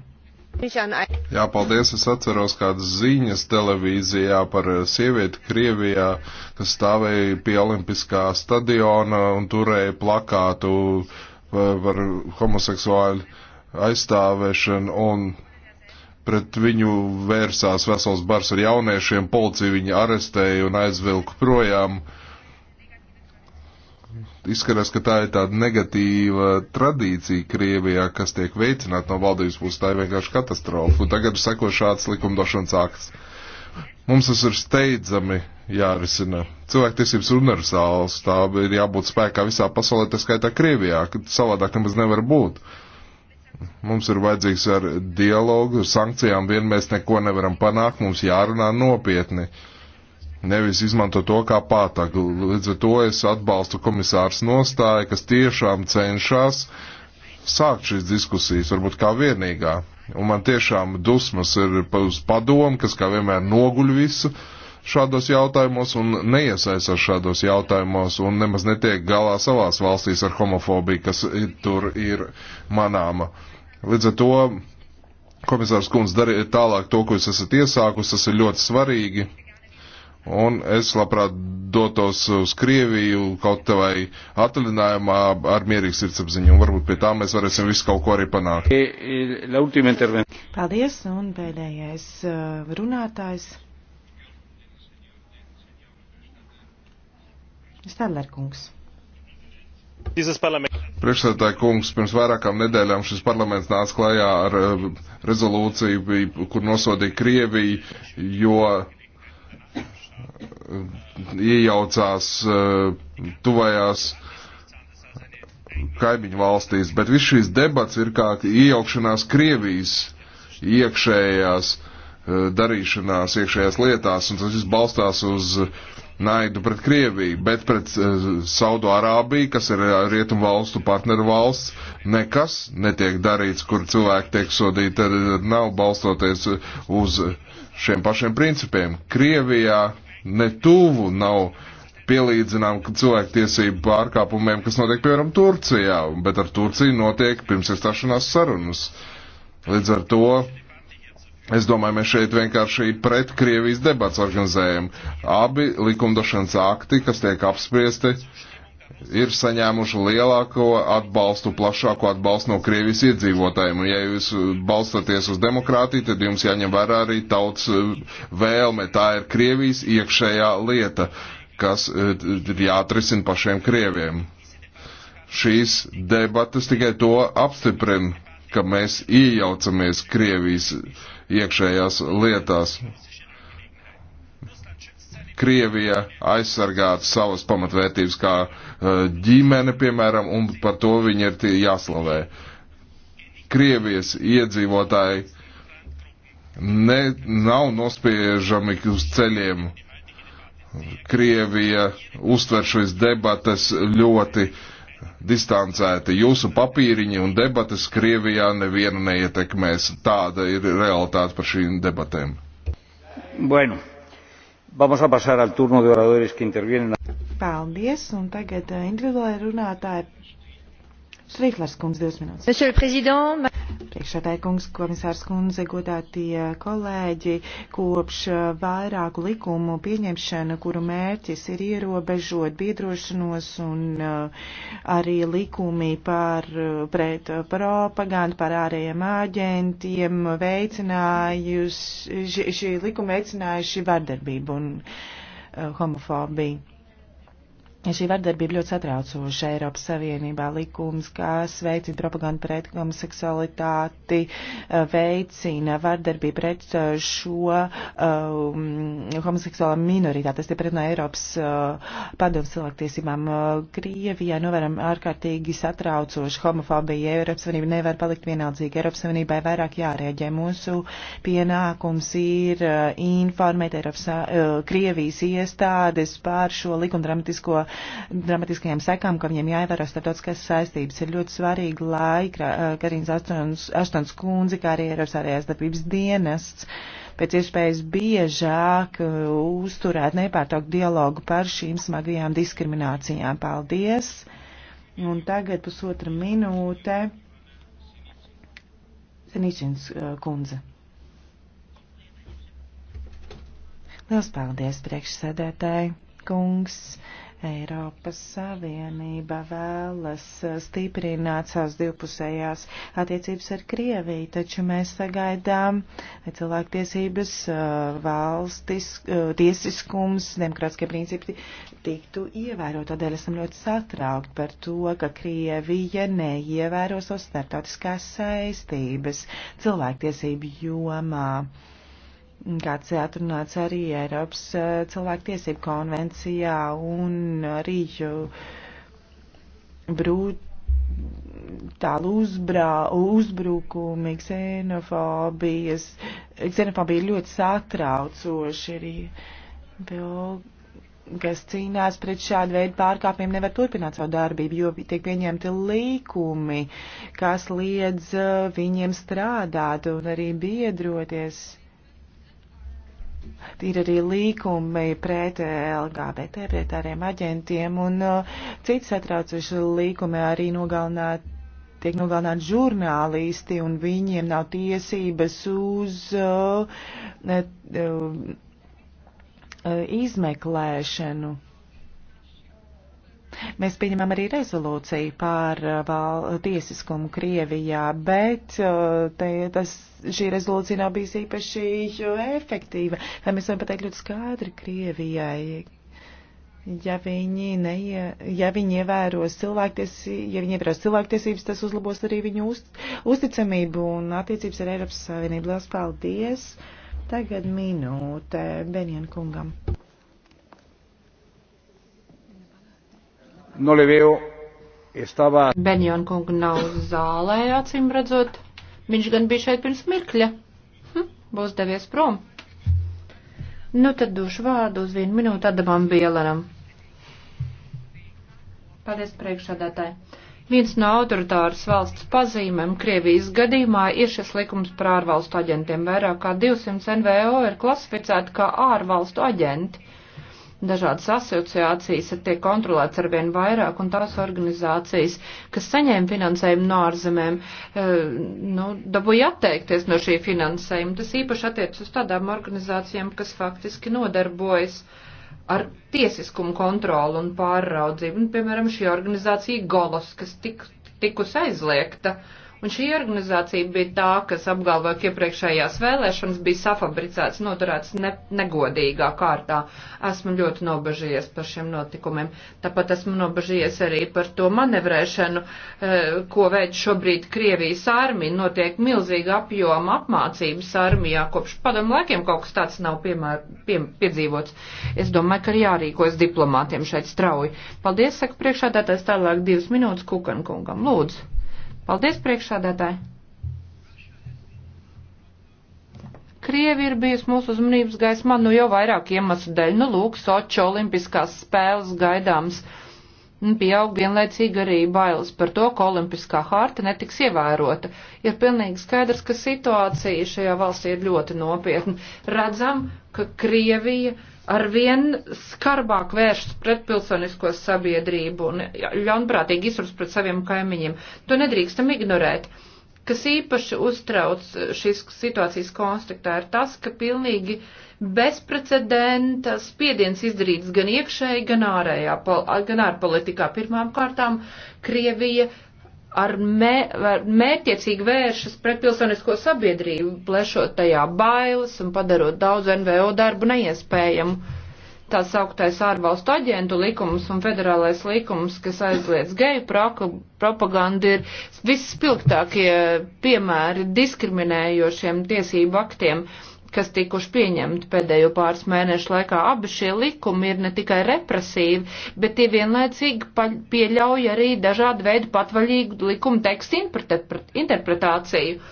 Jā, paldies. Es atceros kādas ziņas televīzijā par eh, sievieti Krievijā, kas stāvēja pie Olimpiskā stadiona un turēja plakātu eh, par homoseksuāļu aizstāvēšanu un pret viņu vērsās vesels bars ar jauniešiem, policija viņu arestēja un aizvilka projām. Uh, izskatās, ka tā ir tāda negatīva tradīcija Krievijā, kas tiek veicināta no valdības puses. Tā ir vienkārši katastrofa. Un tagad seko šāds likumdošanas akts. Mums tas ir steidzami jārisina. Cilvēktiesības universāls, tā ir jābūt spēkā visā pasaulē, tā skaitā Krievijā, kad savādāk nemaz nevar būt. Mums ir vajadzīgs ar dialogu, sankcijām vien mēs neko nevaram panākt, mums jārunā nopietni. Uh, nevis izmanto to kā pātagu. Līdz ar to es atbalstu komisārs nostāju, kas tiešām cenšas sākt šīs diskusijas, varbūt kā vienīgā. Un man tiešām dusmas ir uz padomu, kas kā vienmēr noguļ visu šādos jautājumos un neiesaistās šādos jautājumos un nemaz netiek galā savās valstīs ar homofobiju, kas tur ir manāma. Līdz ar to komisārs Kunz darīja tālāk to, ko jūs esat iesākusi, tas ir ļoti svarīgi Un es labprāt dotos uz Krieviju kaut vai atvaļinājumā ar mierīgu sirdsapziņu. Un varbūt pie tā mēs varēsim visu kaut ko arī panākt. E, e, Paldies. Un pēdējais e, runātājs. Stadlerkungs. Priekšsēdētāji kungs, pirms vairākām nedēļām šis parlaments nāca klajā ar rezolūciju, kur nosodīja Krieviju, jo iejaucās eh, tuvajās kaimiņu valstīs, bet viss šīs debats ir kā iejaukšanās Krievijas iekšējās eh, darīšanās, iekšējās lietās, un tas viss balstās uz naidu pret Krieviju, bet pret eh, Saudārābiju, kas ir rietumu valstu partneru valsts, nekas netiek darīts, kur cilvēki tiek sodīti, nav balstoties uz šiem pašiem principiem. Krievijā ne tuvu nav pielīdzinām cilvēktiesību pārkāpumiem, kas notiek, piemēram, Turcijā, bet ar Turciju notiek pirms iestāšanās sarunas. Līdz ar to Es domāju, mēs šeit vienkārši pret Krievijas debats organizējam. Abi likumdošanas akti, kas tiek apspriesti, uh, ir saņēmuši lielāko atbalstu, plašāko atbalstu no Krievijas iedzīvotājiem. Un, ja jūs balstoties uz demokrātiju, tad jums jāņem vērā arī tauts eh, vēlme. Tā ir Krievijas iekšējā lieta, kas eh, ir jāatrisina pašiem Krieviem. Šīs debatas tikai to apstiprina, ka mēs iejaucamies Krievijas iekšējās lietās. Krievija aizsargāt savas pamatvērtības kā eh, ģimene, piemēram, un par to viņi ir jāslavē. Krievijas iedzīvotāji ne, nav nospiežami uz ceļiem. Krievija uztver šīs debates ļoti distancēti. Jūsu papīriņi un debates Krievijā nevienu neietekmēs. Tāda ir realitāte par šīm debatēm. Bueno. Vamos a pasar al turno de oradores que intervienen. Paldies, un tagad eh, individuāli runātāji Šrīflers kundze, divas minūtes. Priekšsēdētāja kungs, komisārs kundze, godātie kolēģi, kopš vairāku likumu pieņemšana, kuru mērķis ir ierobežot biedrošanos un uh, arī likumi par uh, pret propagandu, par ārējiem āģentiem, veicinājuši, šī likuma veicinājuši vardarbību un uh, homofobiju Šī vardarbība ļoti satraucoša Eiropas Savienībā likums, kas veicina propagandu pret homoseksualitāti, eh, veicina vardarbību pret eh, šo um, homoseksuālo minoritāti. Tas ir pretrunā no Eiropas uh, padomu cilvēktiesībām. Uh, Krievijā novēram nu, ārkārtīgi satraucošu homofobiju. Eiropas Savienība nevar palikt vienaldzīga. Eiropas Savienībai vairāk jārēģē. Mūsu pienākums ir uh, informēt Eiropas, uh, Krievijas iestādes par šo likumdramatisko dramatiskajām sekām, ka viņiem jāievēro starptautiskās saistības. Ir ļoti svarīgi, lai eh, Karīnas Aštons kundzi, kā arī Eiropas ārējās darbības dienests, pēc iespējas biežāk eh, uzturēt nepārtraukt dialogu par šīm smagajām diskriminācijām. Paldies! Un tagad pusotra minūte. Senīčins eh, kundze. Liels paldies priekšsēdētāji, kungs. Eiropas Savienība vēlas stiprināt savas divpusējās attiecības ar Krieviju, taču mēs sagaidām, lai cilvēktiesības valstis, tiesiskums, demokrātiskie principi tiktu ievērot. Tādēļ esam ļoti satraukti par to, ka Krievija neievēro savas starptautiskās saistības cilvēktiesību jomā kāds atrunāts arī Eiropas cilvēktiesību konvencijā un arī brūt tālu uzbrā, uzbrukumi, ksenofobijas. Ksenofobija ļoti satraucoši arī, vēl, kas cīnās pret šādu veidu pārkāpumiem, nevar turpināt savu darbību, jo tiek pieņemti līkumi, kas liedz viņiem strādāt un arī biedroties. Ir arī līkumi pret eh, LGBT, pret āriem aģentiem un eh, cits satraucoši līkumi arī nogalināt, tiek nogalināti žurnālisti un viņiem nav tiesības uz uh, uh, uh, izmeklēšanu. Mēs pieņemam arī rezolūciju par uh, val, tiesiskumu Krievijā, bet uh, te, tas, šī rezolūcija nav bijusi īpaši uh, efektīva. Vai mēs varam pateikt ļoti skaidri Krievijai? Ja viņi, neie, ja viņi ievēros cilvēktiesības, ja viņi ievēros cilvēktiesības, tas uzlabos arī viņu uz, uzticamību un attiecības ar Eiropas Savienību. Lielas paldies! Tagad minūte Benjankungam. no le veo, estaba. Benjon kungu nav zālē, acīm redzot. Viņš gan bija šeit pirms mirkļa. Hm, būs devies prom. Nu tad došu vārdu uz vienu minūtu Adamam Bielanam. Paldies priekšādātāji. Viens no autoritāras valsts pazīmēm Krievijas gadījumā ir šis likums par ārvalstu aģentiem. Vairāk kā 200 NVO ir klasificēti kā ārvalstu aģenti Dažādas asociācijas tiek kontrolētas ar vien vairāk, un tās organizācijas, kas saņēma finansējumu no ārzemēm, eh, nu, dabūja atteikties no šī finansējuma. Tas īpaši attiec uz tādām organizācijām, kas faktiski nodarbojas ar tiesiskumu kontroli un pārraudzību. Nu, piemēram, šī organizācija Golos, kas tik, tikus aizliegta. Uh, Un šī organizācija bija tā, kas apgalvoja, ka iepriekšējās vēlēšanas bija safabricēts, noturēts ne, negodīgā kārtā. Esmu ļoti nobežījies par šiem notikumiem. Tāpat esmu nobežījies arī par to manevrēšanu, eh, ko veic šobrīd Krievijas armija. Notiek milzīga apjoma apmācības armijā. Kopš padomu laikiem kaut kas tāds nav piemēr, pie, piedzīvots. Es domāju, ka ir jārīkojas diplomātiem šeit strauji. Paldies, saka priekšādātais tālāk divas minūtes Kukankungam. Lūdzu. Paldies, priekšādātāji! Krievi ir bijusi mūsu uzmanības gaismā, nu jau vairāk iemeslu dēļ. Nu, lūk, Sočo olimpiskās spēles gaidāms. Pieaug vienlaicīgi arī bailes par to, ka olimpiskā harta netiks ievērota. Ir pilnīgi skaidrs, ka situācija šajā valstī ir ļoti nopietna. Redzam, ka Krievija arvien skarbāk vēršas pret pilsonisko sabiedrību un ļaunprātīgi izsurs pret saviem kaimiņiem. To nedrīkstam ignorēt. Kas īpaši uztrauc šīs situācijas konstruktā ir tas, ka pilnīgi bezprecedenta spiediens izdarīts gan iekšēji, gan ārējā, gan ārpolitikā. Pirmām kārtām Krievija uh, ar, mē, ar mērķiecīgi vēršas pret pilsonisko sabiedrību, plešot tajā bailes un padarot daudz NVO darbu neiespējamu. Tā sauktais ārvalstu aģentu likums un federālais likums, kas aizliedz geju propagandu, ir visspilgtākie piemēri diskriminējošiem tiesību aktiem, kas tikuši pieņemti pēdējo pāris mēnešu laikā. Abi šie likumi ir ne tikai represīvi, bet tie vienlaicīgi pieļauj arī dažādu veidu patvaļīgu likumu tekstu interpretāciju.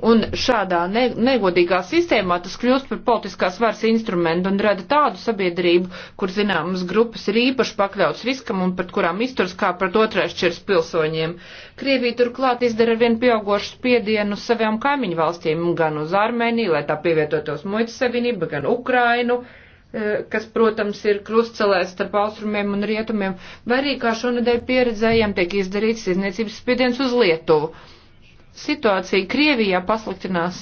Un šādā ne, negodīgā sistēmā tas kļūst par politiskās varas instrumentu un rada tādu sabiedrību, kur zināmas grupas ir īpaši pakļauts riskam un pret kurām izturs kā pret otrais čirs pilsoņiem. Krievija turklāt izdara vien pieaugošu spiedienu uz savām kaimiņu valstīm, gan uz Armēniju, lai tā pievietotos muitas savienība, gan Ukrainu eh, kas, protams, ir krustcelēs starp austrumiem un rietumiem, vai arī, kā šonadēļ pieredzējām, tiek izdarīts izniecības spiediens uz Lietuvu situācija Krievijā pasliktinās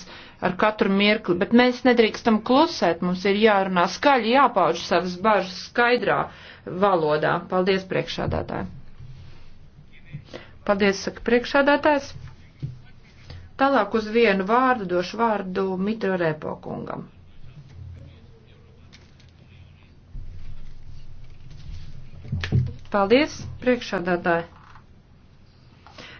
ar katru mirkli, bet mēs nedrīkstam klusēt, mums ir jārunā skaļi, jāpauž savas bažas skaidrā valodā. Paldies, priekšādātāji. Paldies, saka priekšādātājs. Tālāk uz vienu vārdu došu vārdu Mitro Repo kungam. Paldies, priekšādātāji.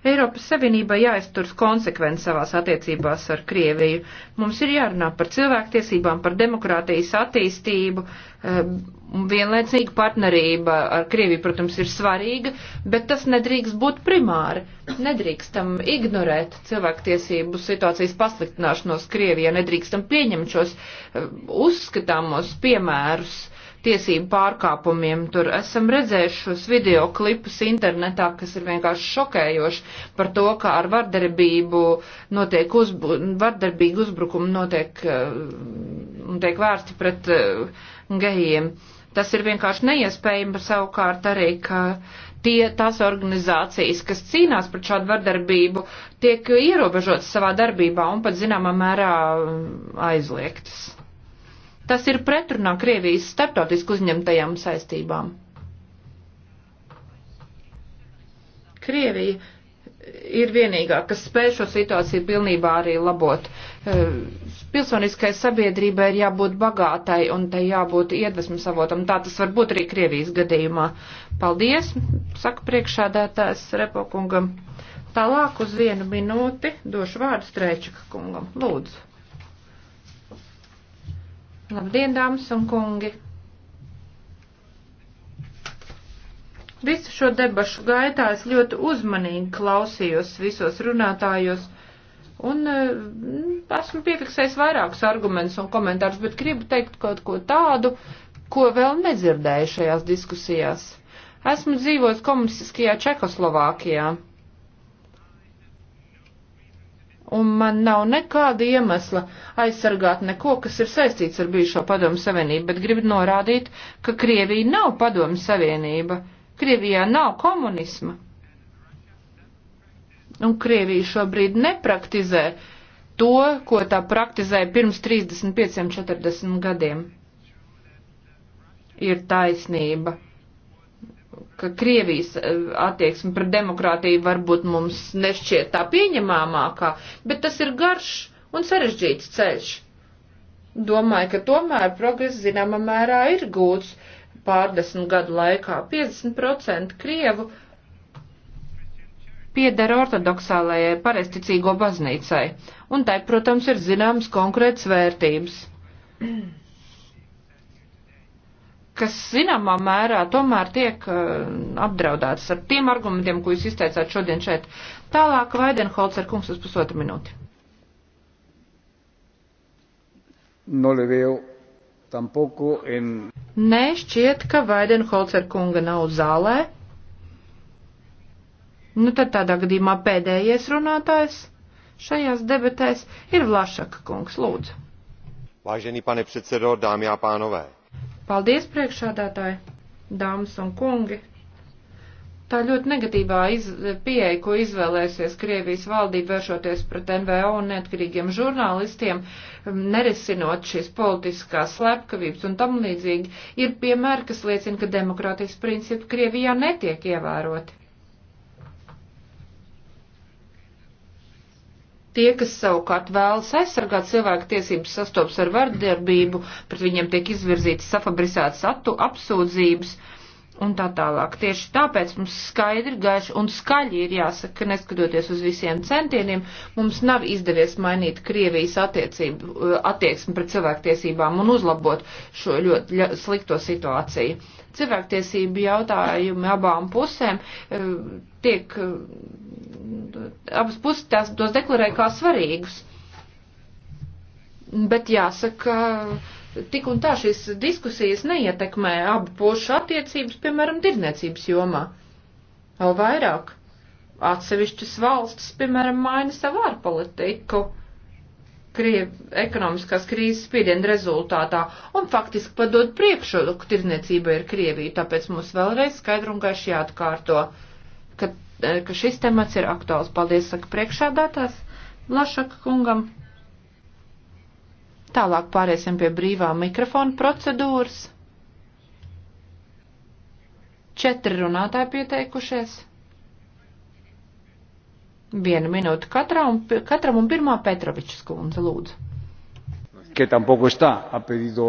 Eiropas Savienībai jāizturas konsekventi savās attiecībās ar Krieviju. Mums ir jārunā par cilvēktiesībām, par demokrātijas attīstību. Eh, Vienlaicīga partnerība ar Krieviju, protams, ir svarīga, bet tas nedrīkst būt primāri. Nedrīkstam ignorēt cilvēktiesību situācijas pasliktināšanos Krievijā, nedrīkstam pieņemt šos eh, uzskatāmos piemērus tiesību pārkāpumiem. Tur esam redzējuši šos video klipus internetā, kas ir vienkārši šokējoši par to, kā ar vardarbību notiek uzbru, vardarbīgi uzbrukumi notiek eh, un tiek vērsti pret eh, gejiem. Tas ir vienkārši neiespējami savukārt arī, ka tie, tās organizācijas, kas cīnās pret šādu vardarbību, tiek ierobežotas savā darbībā un pat zināmā mērā mm, aizliegtas. Tas ir pretrunā Krievijas starptautiski uzņemtajām saistībām. Krievija ir vienīgā, kas spēj šo situāciju pilnībā arī labot. E, pilsoniskai sabiedrībai ir jābūt bagātai un tai jābūt iedvesmas avotam. Tā tas var būt arī Krievijas gadījumā. Paldies, saka priekšādātājs Repokungam. Tālāk uz vienu minūti došu vārdu Strēčika kungam. Lūdzu. Labdien, dāmas un kungi! Visu šo debašu gaitā es ļoti uzmanīgi klausījos visos runātājos un eh, mm, esmu piefiksējis vairākus argumentus un komentārus, bet gribu teikt kaut ko tādu, ko vēl nedzirdēju šajās diskusijās. Esmu dzīvojis komunistiskajā Čehoslovākijā un man nav nekāda iemesla aizsargāt neko, kas ir saistīts ar bijušo padomu savienību, bet gribu norādīt, ka Krievija nav padomu savienība. Krievijā nav komunisma. Un Krievija šobrīd nepraktizē to, ko tā praktizēja pirms 35-40 gadiem. Ir taisnība ka Krievijas eh, attieksme par demokrātiju varbūt mums nešķiet tā pieņemamākā, bet tas ir garš un sarežģīts ceļš. Domāju, ka tomēr progress zināmā mērā ir gūts pārdesmit gadu laikā. 50% Krievu piedara ortodoksālajai pareisticīgo baznīcai, un tai, protams, ir zināmas konkrētas vērtības kas zināmā mērā tomēr tiek eh, apdraudētas ar tiem argumentiem, ko jūs izteicāt šodien šeit. Tālāk Vaidenholzer kungs uz pusotru minūti. No en... Nē, šķiet, ka Vaidenholzer kunga nav zālē. Nu tad tādā gadījumā pēdējais runātājs šajās debatēs ir Vlašaka kungs, lūdzu. Vážený pane předsedo, dámy a pánové. Paldies, priekšādātāji, dāmas un kungi! Tā ļoti negatīvā iz, pieeja, ko izvēlēsies Krievijas valdība vēršoties pret NVO un neatkarīgiem žurnālistiem, nerisinot šīs politiskās slepkavības un tam līdzīgi, ir piemēri, kas liecina, ka demokrātijas principi Krievijā netiek ievēroti. Tie, kas savukārt vēlas aizsargāt cilvēku tiesības, sastopas ar vardarbību, pret viņiem tiek izvirzītas safabrisētas apsūdzības un tā tālāk. Tieši tāpēc mums skaidri, gaiši un skaļi ir jāsaka, ka neskatoties uz visiem centieniem, mums nav izdevies mainīt Krievijas attiecību, eh, attieksmi pret cilvēktiesībām un uzlabot šo ļoti slikto situāciju. Cilvēktiesību jautājumi abām pusēm eh, tiek, eh, abas puses tās, tos deklarē kā svarīgus. Bet jāsaka, ka tik un tā šīs diskusijas neietekmē abu pušu attiecības, piemēram, tirdzniecības jomā. Vēl vairāk atsevišķas valstis, piemēram, maina savu ārpolitiku kriev, ekonomiskās krīzes spiediena rezultātā un faktiski padod priekšroku tirdzniecībai ar Krieviju, tāpēc mums vēlreiz skaidru un gaiši jāatkārto, ka, ka šis temats ir aktuāls. Paldies, saka priekšādātās Lašaka kungam. Tālāk pāriesim pie brīvā mikrofona procedūras. Četri runātāji pieteikušies. Vienu minūtu katrā un, katram un pirmā Petrovičs kundze lūdzu. Que tampoco está, ha pedido.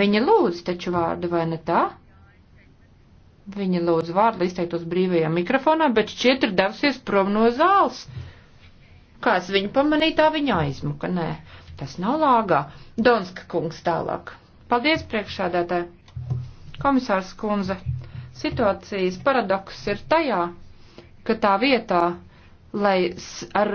Viņa lūdz taču vārdu, vai ne tā? Viņa lūdz vārdu izteiktos brīvajā mikrofonā, bet šķiet ir devusies prom no zāles. Kā es viņu pamanīju, tā viņa aizmuka. Nē, tas nav lāgā. Donska kungs tālāk. Paldies priekšādētāji. Komisārs kundze, situācijas paradoks ir tajā, ka tā vietā, lai ar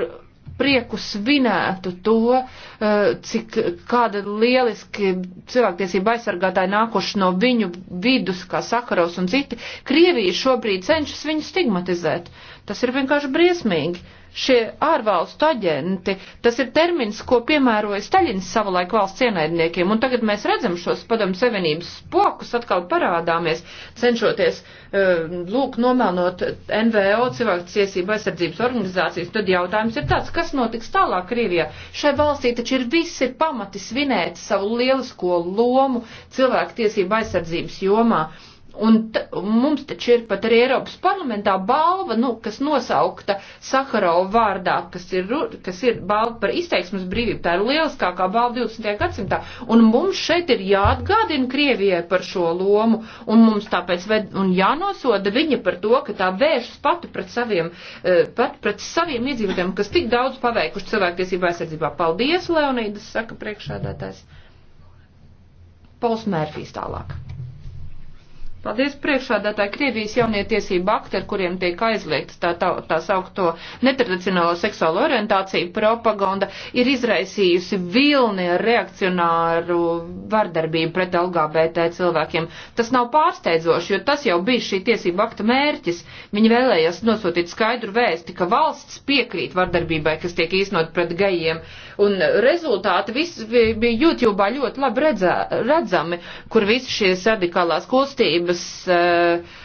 prieku svinētu to, eh, cik kāda lieliski cilvēktiesība aizsargātāji nākuši no viņu vidus, kā Sakaros un citi, Krievija šobrīd cenšas viņu stigmatizēt. Tas ir vienkārši briesmīgi šie ārvalstu aģenti, tas ir termins, ko piemēroja Staļins savulaik valsts ienaidniekiem, un tagad mēs redzam šos padomu savienības spokus atkal parādāmies, cenšoties, eh, lūk, nomelnot NVO cilvēktiesību aizsardzības organizācijas, tad jautājums ir tāds, kas notiks tālāk Krievijā? Šai valstī taču ir visi pamati svinēt savu lielisko lomu cilvēktiesību aizsardzības jomā. Un t, mums taču ir pat arī Eiropas parlamentā balva, nu, kas nosaukta Saharova vārdā, kas ir, kas ir balva par izteiksmes brīvību. Tā ir lieliskākā balva 20. gadsimtā. Un mums šeit ir jāatgādina Krievijai par šo lomu, un mums tāpēc ved, un jānosoda viņa par to, ka tā vēršas pati pret saviem, eh, pat pret saviem iedzīvotājiem, kas tik daudz paveikuši cilvēktiesību aizsardzībā. Paldies, Leonīdas, saka priekšādātājs. Pols Mērfijs tālāk. Paldies priekšādātāji Krievijas jaunie tiesību akti, ar kuriem tiek aizliegts tā, tā, tā saukto netradicionālo seksuālo orientāciju propaganda, ir izraisījusi vilni ar reakcionāru vardarbību pret LGBT cilvēkiem. Tas nav pārsteidzoši, jo tas jau bija šī tiesību akta mērķis. Viņi vēlējās nosūtīt skaidru vēsti, ka valsts piekrīt vardarbībai, kas tiek īstenot pret gejiem, Un rezultāti viss bija YouTube ļoti labi redzā, redzami, kur visi šīs radikālās kustības uh,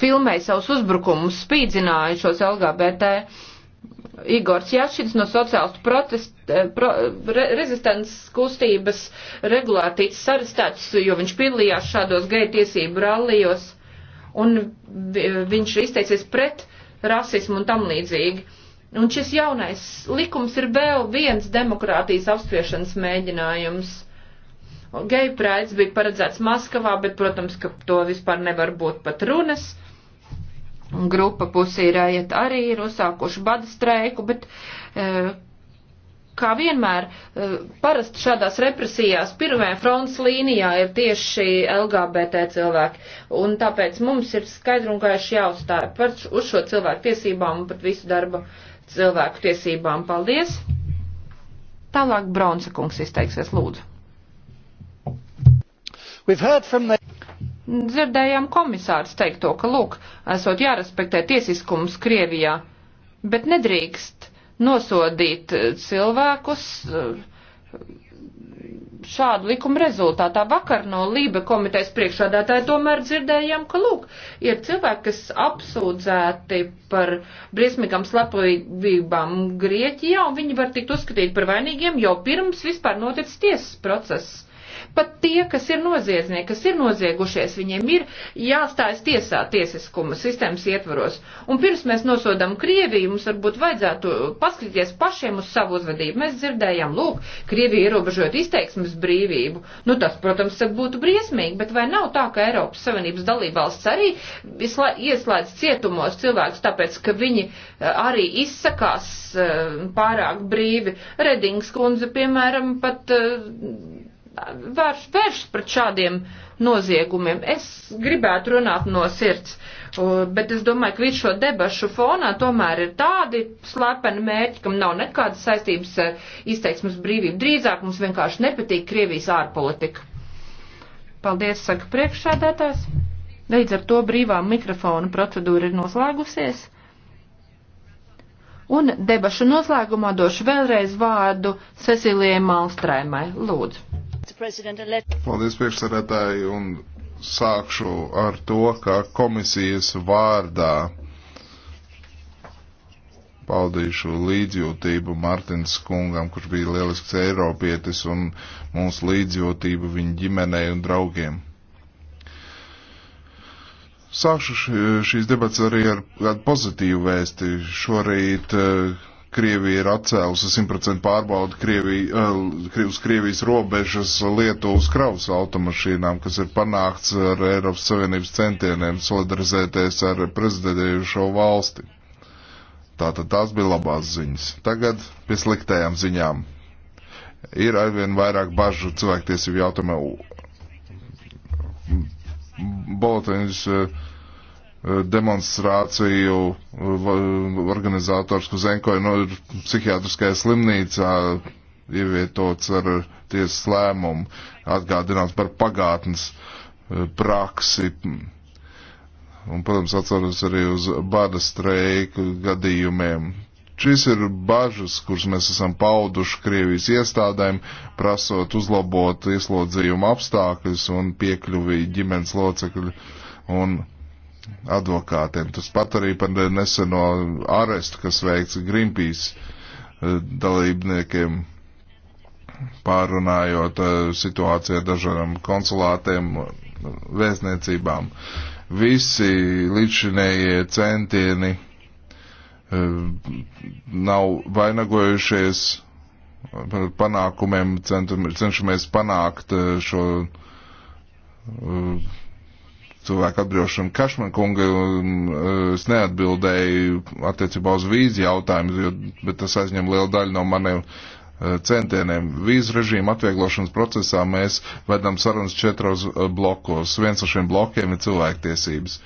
filmēja savus uzbrukumus, spīdzināja šos LGBT. Igors Jašins no sociālistu protest, eh, pro, re, rezistents kustības regulāri ticis arestēts, jo viņš piedalījās šādos geju tiesību rallijos, un viņš izteicies pret rasismu un tam līdzīgi. Uh, Un šis jaunais likums ir vēl viens demokrātijas apspriešanas mēģinājums. Geju praids bija paredzēts Maskavā, bet, protams, ka to vispār nevar būt pat runas. Un grupa pusīrējiet arī ir uzsākuši bada streiku, bet e, kā vienmēr, e, parasti šādās represijās pirmajā fronts līnijā ir tieši LGBT cilvēki. Un tāpēc mums ir skaidri un gaiši jāuzstāja par uz šo cilvēku tiesībām un pat visu darba cilvēku tiesībām. Paldies! Tālāk Braunsa kungs izteiksies, lūdzu. The... Dzirdējām komisārs teikt to, ka, lūk, esot jārespektē tiesiskums Krievijā, bet nedrīkst nosodīt eh, cilvēkus, eh, šādu likumu rezultātā. Vakar no Lība komitejas priekšādātāja tomēr dzirdējām, ka, lūk, ir cilvēki, kas apsūdzēti par briesmīgām slepavībām Grieķijā, un viņi var tikt uzskatīti par vainīgiem jau pirms vispār noticis tiesas process pat tie, kas ir noziedznieki, kas ir noziegušies, viņiem ir jāstājas tiesā tiesiskuma sistēmas ietvaros. Un pirms mēs nosodam Krieviju, mums varbūt vajadzētu paskatīties pašiem uz savu uzvedību. Mēs dzirdējām, lūk, Krievija ierobežot izteiksmes brīvību. Nu, tas, protams, būtu briesmīgi, bet vai nav tā, ka Eiropas Savienības dalībvalsts arī ieslēdz cietumos cilvēkus tāpēc, ka viņi eh, arī izsakās eh, pārāk brīvi. Redings kundze, piemēram, pat eh, vērš, vērš pret šādiem noziegumiem. Es gribētu runāt no sirds, bet es domāju, ka visu šo debašu fonā tomēr ir tādi slepeni mērķi, kam nav nekādas saistības ar e, izteiksmes brīvību. Drīzāk mums vienkārši nepatīk Krievijas ārpolitika. Paldies, saka priekšsēdētājs. Līdz ar to brīvā mikrofona procedūra ir noslēgusies. Un debašu noslēgumā došu vēlreiz vārdu Cecilijai Malstrēmai. Lūdzu. Paldies, priekšsarētāji, un sākšu ar to, ka komisijas vārdā paudīšu līdzjūtību Martins Kungam, kurš bija lielisks Eiropietis, un mūsu līdzjūtību viņa ģimenei un draugiem. Sākšu šīs debats arī ar kādu pozitīvu vēsti. Šorīt uh, Krievija ir atcēlusi 100% pārbaudu Krieviju, uh, eh, uz Krievijas robežas Lietuvas kravas automašīnām, kas ir panākts ar Eiropas Savienības centieniem solidarizēties ar prezidentējušo valsti. Tātad tās bija labās ziņas. Tagad pie sliktajām ziņām. Ir arvien vairāk bažu cilvēktiesību jautājumā. Bolotins uh, eh, Eh, demonstrāciju eh, organizators Kuzenko nu, ir psihiatriskajā slimnīcā ievietots ar tiesas lēmumu, atgādināts par pagātnes eh, praksi. Un, protams, atceros arī uz bada streiku gadījumiem. Šis ir bažas, kuras mēs esam pauduši Krievijas iestādēm, prasot uzlabot ieslodzījumu apstākļus un piekļuvi ģimenes locekļu un advokātiem. Tas pat arī par neseno arestu, kas veikts Greenpeace eh, dalībniekiem, pārunājot eh, situāciju ar dažādiem konsulātiem, vēstniecībām. Visi līdzinējie centieni eh, nav vainagojušies panākumiem, centum, cenšamies panākt šo cilvēku atbrīvošanu. Kašman kunga um, uh, es neatbildēju attiecībā uz vīzi jautājumu, jo, bet tas aizņem lielu daļu no maniem uh, centieniem. Vīzu režīmu atvieglošanas procesā mēs vedam sarunas četros uh, blokos. Viens no šiem blokiem ir cilvēktiesības.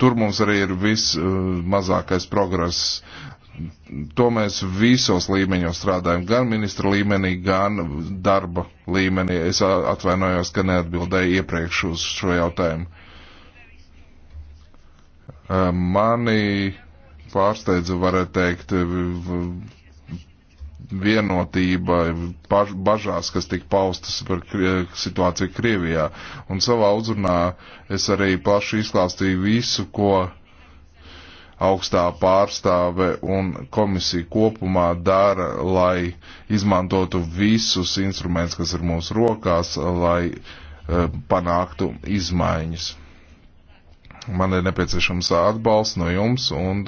Tur mums arī ir vismazākais progress to mēs visos līmeņos strādājam, gan ministra līmenī, gan darba līmenī. Es atvainojos, ka neatbildēju iepriekš uz šo jautājumu. Mani pārsteidza, varētu teikt, vienotība, baž, bažās, kas tika paustas par situāciju Krievijā. Un savā uzrunā es arī plaši izklāstīju visu, ko augstā pārstāve un komisija kopumā dara, lai izmantotu visus instrumentus, kas ir mūsu rokās, lai e, panāktu izmaiņas. Man ir nepieciešams atbalsts no jums, un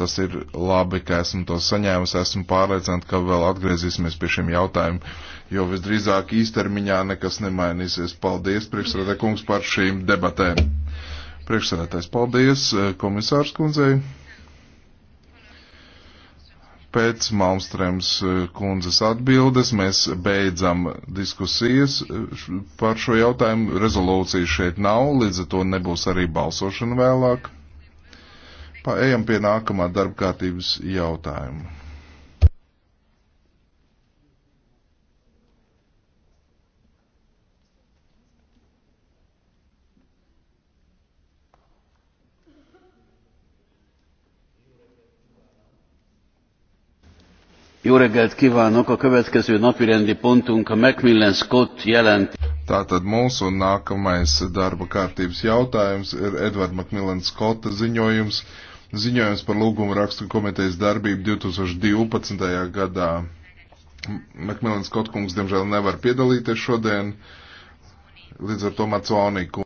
tas ir labi, ka esmu to saņēmis. Esmu pārliecināts, ka vēl atgriezīsimies pie šiem jautājumiem, jo visdrīzāk īstermiņā nekas nemainīsies. Paldies, priekšsēdētājkungs, par šīm debatēm. Priekšsēdētājs, paldies eh, komisārs kundzei. Pēc Malmstrēms eh, kundzes atbildes mēs beidzam diskusijas eh, par šo jautājumu. Rezolūcijas šeit nav, līdz ar to nebūs arī balsošana vēlāk. Paejam pie nākamā darbkārtības jautājuma. Jó reggelt kívánok! A következő napirendi pontunk a Macmillan Scott jelent. Tātad mūsu nākamais darba kārtības jautājums ir Edvard Macmillan Scotta ziņojums. Ziņojums par lūgumu rakstu komitejas darbību 2012. gadā. Macmillan Scott kungs, diemžēl, nevar piedalīties šodien. Līdz ar to Maconī